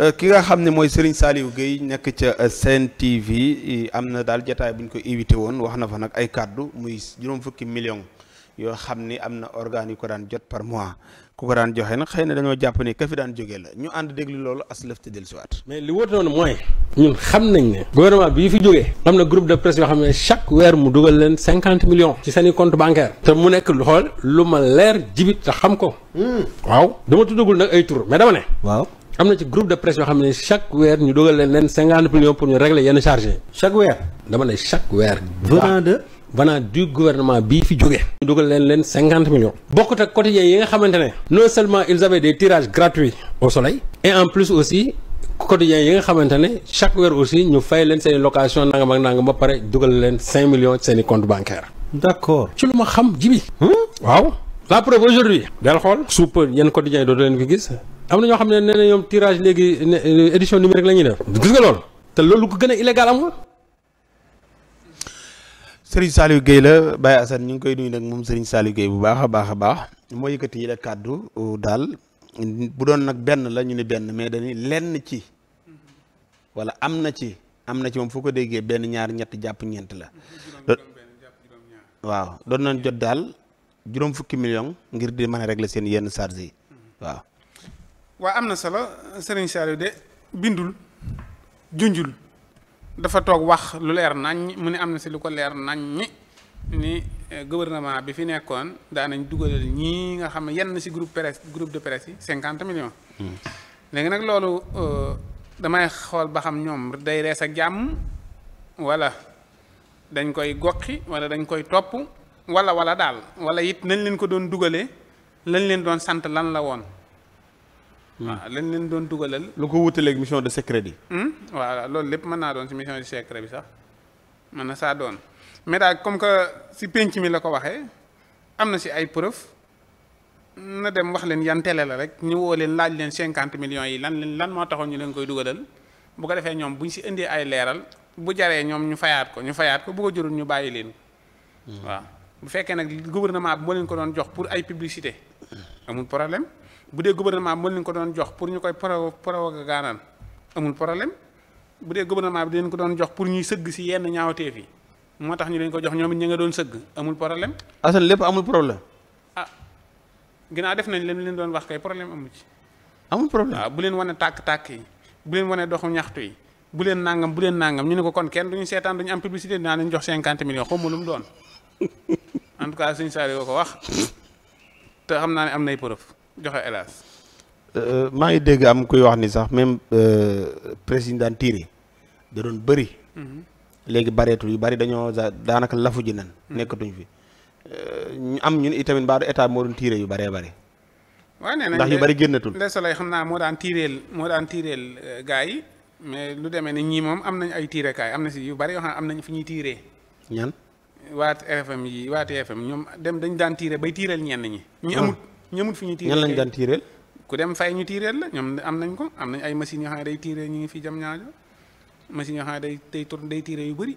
Euh, ki nga xam ne mooy Serigne Saliou Guèye nekk ca euh, Sen TV am na daal jataay bu ñu ko invité woon wax na fa nag ay kàddu muy juróom fukki million yoo xam ni am na organes yu ko daan jot par mois ku ko daan joxe nag xëy na dañoo jàpp ne ka fi daan jógee la ñu ànd déglu loolu as lëf te dellusiwaat. mais li wóote noonu mooy. ñun xam nañ ne. gouvernement bii fi jógee. am na groupe de presse yoo xam ne chaque weer mu dugal leen cinquante millions. ci seen i compte bancaire. te mu nekk lu xool lu ma leer jibit te xam ko. Hmm. waaw dama ay tur mais waaw. am na ci groupe de presse xam ne chaque weer ñu dogal leen leen cinquante millions pour ñu régler yenn chargé chaque weer dama ne chaque weer. venant de venant du gouvernement bii fi jógee. ñu dogal leen leen cinquante millions. bokkut ak quotidien yi nga xamante ne. non seulement ils avaient des tirages gratuits au soleil. et en plus aussi. quotidien yi nga xamante ne chaque weer aussi ñu fay leen seen i location nangam ak nangam ba pare dugal leen cinq millions se i compte bancaire d'accord ci lu ma xam jibi hmm? waaw gis am na ñoo xam ne nee na tirage léegi euh, édition numérique la ñuy def gis nga loolu te loolu ko gën a illégal amul. Serigne Saliou Gueye la Baye Assane ñu ngi koy nuyu nag moom Serigne Saliou bu baax a baax a baax moo yëkkati yi la kàddu euh, daal bu doon nag benn la ñu ni benn mais dañuy lenn ci wala am na ci am na ci moom foo ko déggee benn ñaar ñett jàpp ñeent la. waaw doon na jot daal juróom fukki million ngir di mën a seen yenn charges yi waaw. waa am na solo sëriñ Saliou de bindul junjul dafa toog wax lu leer nañ mu ne am na si lu ko leer nañ ni eh, gouvernement bi fi nekkoon daanañ dugalal ñii nga xam ne yenn si groupe presse groupe de presse yi cinquante millions. Hmm. léegi nag loolu euh, damay xool ba xam ñoom day rees ak jàmm wala dañ koy goqi wala dañ koy topp wala wala daal wala it nañ leen ko doon dugalee lañ leen doon sant lan la woon. waaw ah, lañ leen doon dugalal. lu ko wutaleeg mission de secret yi. Hmm? voilà loolu lépp mën naa doon ci mission de secret bi sax mën na saa doon mais daal comme que si penc mi la ko waxee am na si ay preuve na dem wax leen yan télé la rek ñu leen laaj leen cinquante millions yi lan leen lan moo taxoon ñu leen koy dugalal bu ko defee ñoom bu ñu si indee ay leeral bu jaree ñoom ñu fayaat ko ñu fayaat ko bu ko ñu bàyyi leen ko hmm. waaw bu fekkee nag gouvernement bi moo leen ko doon jox pour ay publicité amul problème. bu dee gouvernement bi mën nañu ko doon jox pour ñu koy pro propagandaan amul problème bu dee gouvernement bi dinañ ko doon jox pour ñuy sëgg si yenn ñaawteef yi moo tax ñu leen ko jox ñoom it ña nga doon sëgg amul problème. Assane lépp amul problème. ah ginnaaw def nañ leen leen doon wax kay problème amu ci. amul problème ah, bu leen wane tàkk-tàkk yi bu leen wane doxu ñaxtu yi bu leen nangam bu leen nangam ñu ne ko kon kenn du ñu seetaan duñu am publicité dinaa leen jox cinquante millions xaw ma lu mu doon en tout cas suñu saa ko wax te xam naa ne am nay preuve. joxe hélas. Euh, maa ngi dégg am kuy wax ni sax même euh, président Tiré da doon bëri. Mhm. léegi bareetul yu bari dañoo daanaka lafu ji nan. Mhm. nekkatuñ fi ñu euh, am ñun itamit mbaa du état moo doon Tiré yu baree bari waaw nee nañ ndax yu bari génnatul. les soleil xam naa moo daan tiireel moo daan tiireel gars yi mais lu demee ni ñii moom am nañ ay tiirekaay am na si yu bari yoo xam ne am nañu fu ñuy tiiree. ñan. waat RFM yi waa TFM ñoom dem dañ daan tiire bay tiireel ñenn ñi. ñi ah. amut ñamul fi ñu tiiree. ñan lañ daan tiireel. ku dem fay ñu tiireel la ñoom am nañ ko am nañ ay machines yoo xam ne day tiiree ñu ngi fi jam ñaajo machines yoo xam ne day yu bëri.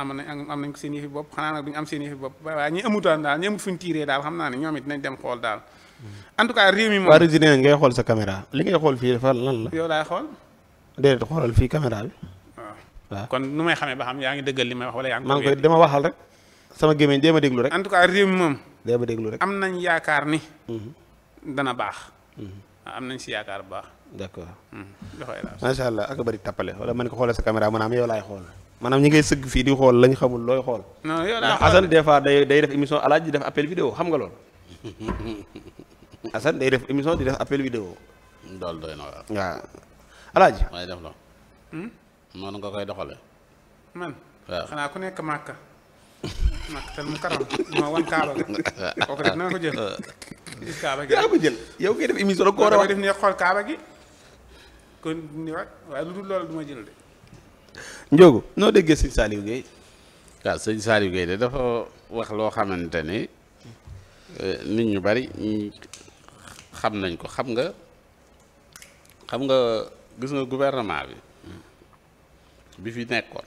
am nañ am ko seen yëfi bopp xanaa nag duñu am seen yëfi bopp waaye ñi amutaan daal ñi amut fi ñu tiiree daal xam naa ne ñoom it nañ dem xool daal. Hmm. en tout cas réew mi moom. waa résidé nañ ngay xool sa caméra li ngay xool fii dafa lan la. yow laay xool. déedéet xoolal fii caméra bi. waaw kon nu may xamee ba yaa ngi dëggal li may wax wala yaa ngi. maa ngi koy dama waxal rek sama ma déglu rek. en tout moom dee ba déglu rek am nañ yaakaar ni. Mhm. dana baax. Mhm. Ah, am nañ si yaakaar bu baax. d'accord. Mhm. macha allah ak bari tappale wala man ko xoolee sa caméra maanaam yow laay xool. maanaam ñi ngay sëgg fii di xool lañ xamul looy xool. non yow xool Assane des fois day day def émission alaaj di def appel vidéo xam nga lool. Assane day def émission di def appel vidéo. loolu doy na waaw. waaw alaaj. may def loolu. Hmm? noonu nga koy doxalee. man. waaw xanaa ku nekk màkka. makkatal mu karam ma wan kaaba ga kooku def na ko jël gis kaaba gi yaa ko jël yow koy def émission la ko xool kaaba gi kon waaye lu dul loolu du jël de Ndiogo noo déggee sëñ Saliou Guèye waaw sëñ de dafa wax loo xamante ni eh, nit ñu bari xam nañ ko xam nga xam nga gis nga gouvernement bi bi fi nekkoon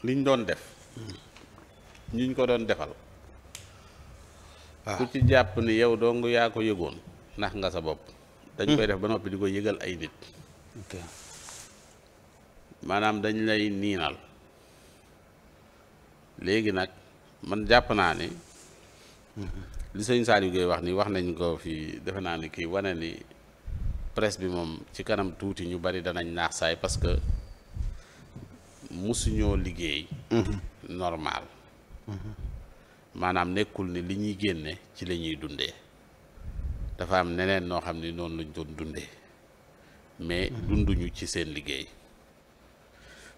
liñ doon def ñuñ ko doon defal ah. ku ci jàpp ni yow dong yaa ko yëgoon ndax nga sa bopp dañ hmm. koy def ba noppi di ko yëgal ay nit maanaam dañ lay niinal léegi nag man jàpp naa ni hmm. li sëñ Saliou Gueye wax ni wax nañ ko fii defe naa ni ki wane ni presse bi moom ci kanam tuuti ñu bari danañ naax saay parce que musuñoo liggéey mhm. normal mhm. maanaam nekkul ni li ñuy génne ci lañuy dundee dafa am neneen noo xam ni noonu lañ doon dundee mais mhm. dunduñu ci seen liggéey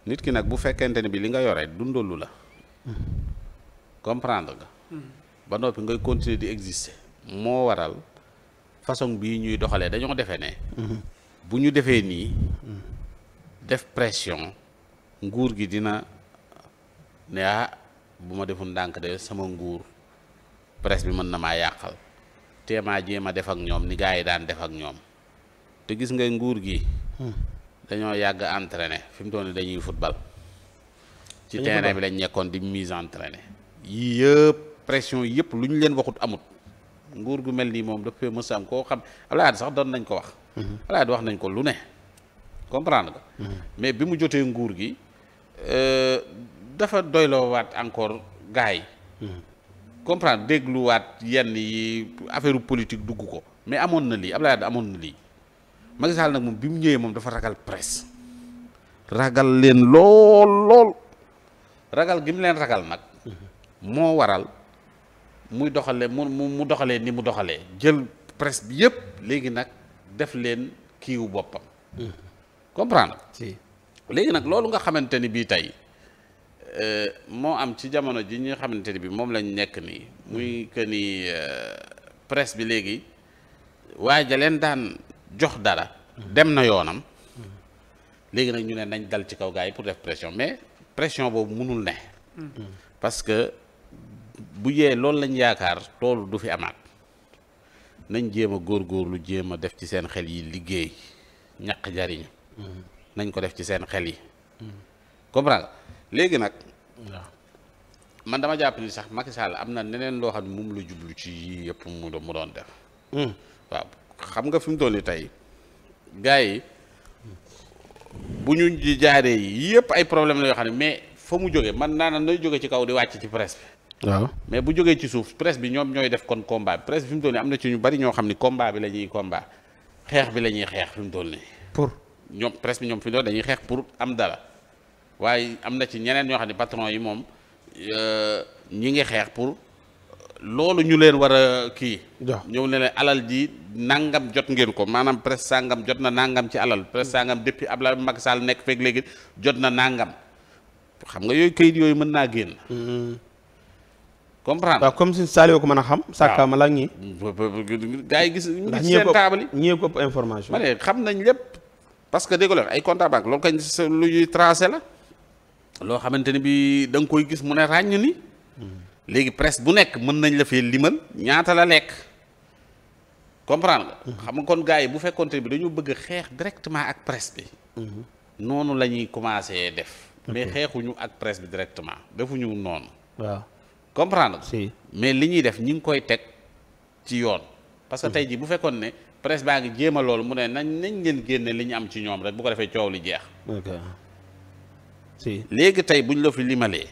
nit ki nag bu fekkente ni bi li nga yore dundalu la comprendre nga ba noppi ngay continuer di exister moo waral façon bii ñuy doxalee dañoo defee ne bu ñu defee nii def pression nguur gi dina ne ah bu ma deful ndànk de sama nguur presse bi mën na maa yàqal teemaa jéem a def ak ñoom ni gars yi daan def ak ñoom te gis nga nguur gi hmm. dañoo yàgg entraîné fi mu toll dañuy football ci terrain bi lañ nekkoon di mise entraîné yii yëpp pression yëpp lu ñu leen waxut amut nguur gu mel nii moom dafay mës am koo xam Abdoulaye sax doon nañ ko wax hmm. Abdoulaye wax nañ ko lu ne comprendre nga hmm. mais bi mu jotee nguur gi Euh, dafa doyloowaat encore gars yi. Hmm. comprendre dégluwaat yenn yi affaire politique dugg ko mais amoon na lii Abdoulaye Wade amoon na lii Macky Sall nag moom bi mu ñëwee moom dafa ragal presse ragal leen lool lool ragal gi mu leen ragal nag hmm. moo waral muy doxale mu mu doxalee ni mu doxalee jël presse bi yëpp léegi nag def leen kiiwu boppam hmm. comprendre léegi nag loolu nga xamante ni bii tey euh, moo am ci jamono ji ñu nga xamante ni bii moom lañu nekk nii muy que ni euh, presse bi léegi waaye ja leen daan jox dara. dem na yoonam. léegi nag ñu ne nañ dal ci kaw gars yi pour def pression mais pression boobu mënul ne. parce que bu yee loolu lañ yaakaar toolu du fi amaat nañ jéem a góorgóorlu jéem a def ci seen xel yi liggéey ñaq jariñu nañ ko def ci seen xel yi. comprendre léegi nag. man dama jàpp ni sax Macky am na neneen loo xam ne moom la jublu ci yii yëpp mu doon mu doon def. Hmm. waaw xam nga fi mu toll nii tey gars yi bu ñu ji jaaree yëpp ay problème la yoo xam ne mais fa mu jógee man naa na nay jóge ci kaw di wàcc ci presse bi. waaw mais bu jógee ci suuf presse bi ñoom ñooy def kon combat bi presse bi fi mu toll am na ci ñu bari ñoo xam ni kombaa bi la ñuy combat xeex bi la xeex fi mu nii. ñoom presque ñoom fi doon dañuy xeex pour am dara waaye am na ci ñeneen ñoo xam ne patron yi moom euh, ñi ngi xeex pour loolu ñu leen war a kii. ñëw ne leen alal ji nangam jot ngeen ko maanaam presse sangam jot na nangam ci alal presse sangam depuis Abdoulaye mag saal nekk feeg léegi jot na nàngam xam nga yooyu kayit yooyu mën naa génn. Mm-hmm. comprendre comme si Saliou ko mën a xam. waaw sàkkaama la ak yi gis. ndax ñii ko ñii information. ma xam nañ lépp. parce que déggoo ay compte à banque loolu kañ lu ñuy tracé la loo xamante ni bi da nga koy gis mu ne ràññ ni léegi presse bu nekk mën nañ la fee limal ñaata la lekk comprendre nga mhm. kon gars yi bu fekkoonte bi dañu bëgg a xeex directement ak presse bi mhm. noonu la ñuy commencé def mais xeexuñu ak presse bi directement defuñu noonu waaw comprendre mais li ñuy def ñi ngi koy teg ci yoon parce mhm. tey jii bu fekkoon ne presse baa ngi jéem loolu mu ne nañ nañ leen génne li ñu am ci ñoom rek bu ko defee coow li jeex. si léegi tey buñ la fi limalee.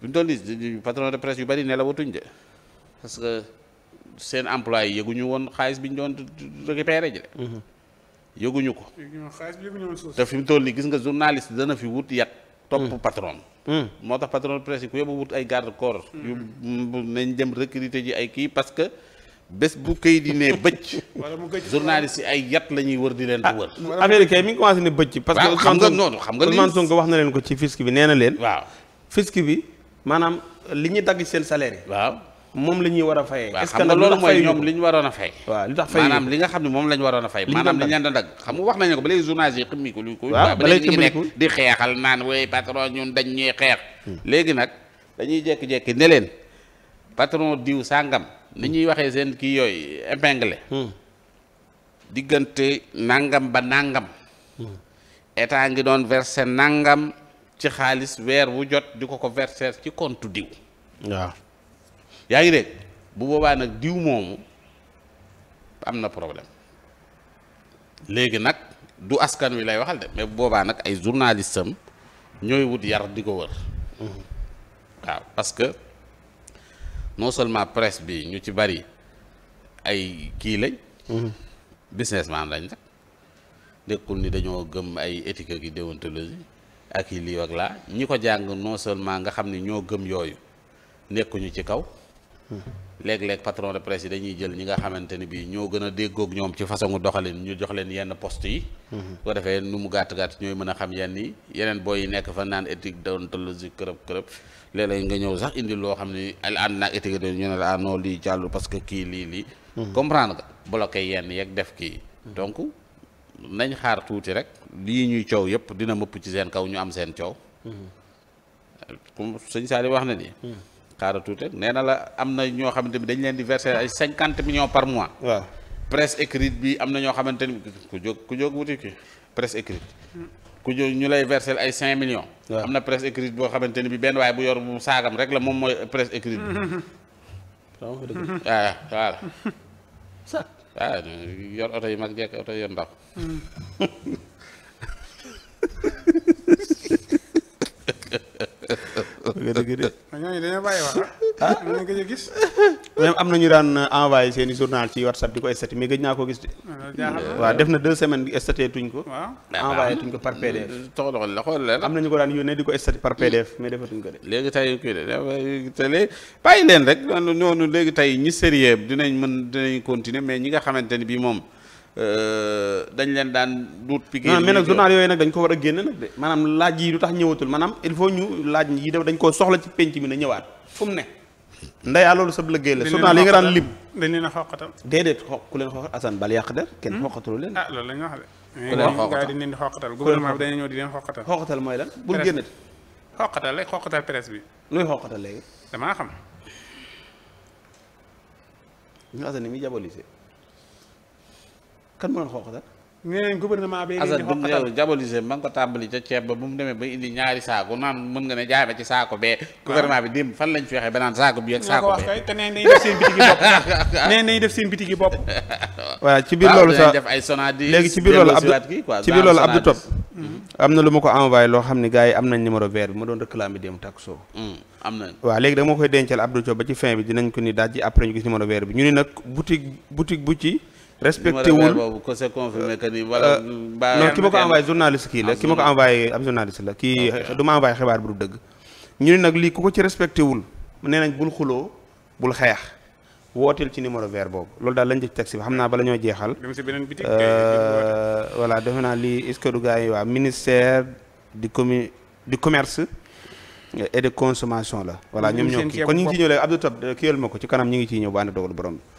buñ doon ni patron de presse yu bari ne la watuñ de parce que seen employé yëguñu woon xaalis bi ñu doon récupéré ji de. Mhm. yëguñu ko. te fi mu toll nii gis nga journaliste dana fi wut yat. topp mhm. patron. Mhm. moo tax patron de presse yi ku yóbbu wut ay garde corps. yu nañ dem recruter ji ay kii parce que. bés bu këy di ne bëcc. journaliste yi ay yat la ñuy wër di leen. Ah, wër affaire kay mi ngi commencé ne bëcc. parce que xam nga noonu xam nga li Ousmane Sonko wax na leen ko ci leen. waaw fisc bi maanaam li ñuy dagg seen salaire waaw moom la ñuy war a fayee. est-ce que loolu mooy ñoom li ñu waroon a fay. waaw li tax fay maanaam li nga xam ne moom la ñu waroon a fay. li ñu maanaam li ñu leen doon dagg xam nga wax nañu ko ba léegi journaliste yi xëmmi ko. waaw ba léegi ñu ngi nekk di xeexal naan way patron ñun dañ ñuy xeex. Hmm. léegi nag dañuy jékki-jékki ne leen patron diw sàngam ni ñuy waxee seen kii yooyu épinglé hmm. diggante nangam ba nangam hmm. état ngi doon verser nangam ci xaalis weer wu jot di ko ko verser ci compte diw waaw yaa ngi dégg bu boobaa nag diw moomu am na problème léegi nag du askan wi lay waxal de mais bu boobaa nag ay journalistes am ñooy wut yar di ko wër hmm. waaw parce non seulement presse bi ñu ci bari ay kii lañ. Mhm. businessman lañ rek nekkul ni dañoo gëm ay éthique ak déontologie ak yi lii ak laa ñi ko jàng non seulement nga xam ni ñoo gëm yooyu nekkuñu ci kaw léeg-léeg patron de presse yi dañuy jël ñi nga xamante ni bii ñoo gën a déggoog ñoom ci façon doxalin ñu jox leen yenn poste yi. su mhm. ko defee nu mu gàtt gàtt ñooy mën a xam yenn yi yeneen booy yi nekk fa naan éthique déontologie kërëb kërëb léeg-léeg nga ñëw sax indi loo xam ni ànd naa éthique ñu ne la ah non lii jàllu parce que kii lii lii. Mhm. comprendre nga bloqué yenn yeeg def kii. Mhm. donc nañ xaar tuuti rek lii ñuy coow yëpp dina mëpp ci seen kaw ñu am seen coow. comme xaaral tuuti rek nee na la am na ñoo xamante ni dañ leen di verser ay cinquante millions par mois. waaw presse écrite bi am na ñoo xamante ni ku jóg ku jóg wuti ki presse écrite. ku jóg ñu lay verser ay cinq million am na presse écrite boo xamante ni bi benn waaye bu yor bu saagam rek la moom mooy presse écrite bi. waaw waaw waaw ah, ah, yor oto yi mag jekk oto yi yor ndaw. Hmm. nga dëgg de. Ah, ñooñu dañoo bàyyi wax ah, ah ñu gëj a gis. même am na ñu daan envoyé seen i journal ci whatsapp di ko statut mais gëj naa ko gis de. Ah, waaw def na deux semaines bi statut tuñ ko. waaw tuñ ko par PDF. Mm, toxal la xool la am na ñu ko daan yónnee di ko statut par ma mais defatuñ ko de. léegi tey bàyyi leen rek noonu léegi tey ñi sérieux dinañ mën dinañ continuer mais ñi nga xamante ni bii moom Euh, dañ leen daan duut piqué mais nag journal yooyu nag dañ ko war a génn nag de maanaam laaj yi lu tax ñëwatul maanaam il faut ñu laaj yi dañ ko soxla ci penc mi na ñëwaat fu mu ne ndayaa loolu sab liggéey la journal yi nga daan lim dañ leen a xoqatal déedéet xo ku leen xoqatal Assane bal yàq der kenn hmm? xoqatalu ah loolu la ñu wax de gars yi dañ leen di xoqatal gouvernement bi dañ ñëw di leen xoqatal xoqatal mooy lan bul génnati xoqatal rek xoqatal presse bi luy xoqatal léegi damaa xam ñu Assane ni muy jabolise kan moo leen xooxatal nee nañ gouvernement bi asal bi mu diabolisé ma nga ko tàmbali ca ceeb ba bu mu demee ba indi ñaari saako naan mën nga ne jaay ma ci saako bee gouvernement bi démb fan lañ fi ba naan saako bi ak saako bee te nee nañ ci biir loolu sax am na lu ma ko envoyé loo xam ne gars yi am nañ numéro vert bi ma doon réclamé démb takk soo mm, am na waaw léegi da ma koy dencal Abdou Top ba ci fin bi dinañ ko ni daaj ji après ñu gis respecté wul boobu ko c'est confirmé que ni wala euh, non ki ma ko envoyé journaliste kii la ki ma ko envoyé ab la kii du ma xibaar bu du dëgg ñu ne nag lii ku ko ci respecté wul nee nañ bul xuloo bul xeex wooteel ci numéro vert boobu loolu daal lañ jëkk taxi bi xam naa bala ñoo jeexal euh, voilà defe naa lii est-ce que du gars yi waa ministère di commu du commerce et de consommation la voilà ñoom ñoo kii kon ñu ngi ciy ñëw léegi Abdou Top euh, kiyal ma ko ci kanam ñu ngi ciy ñëw ba ànd dogal borom bi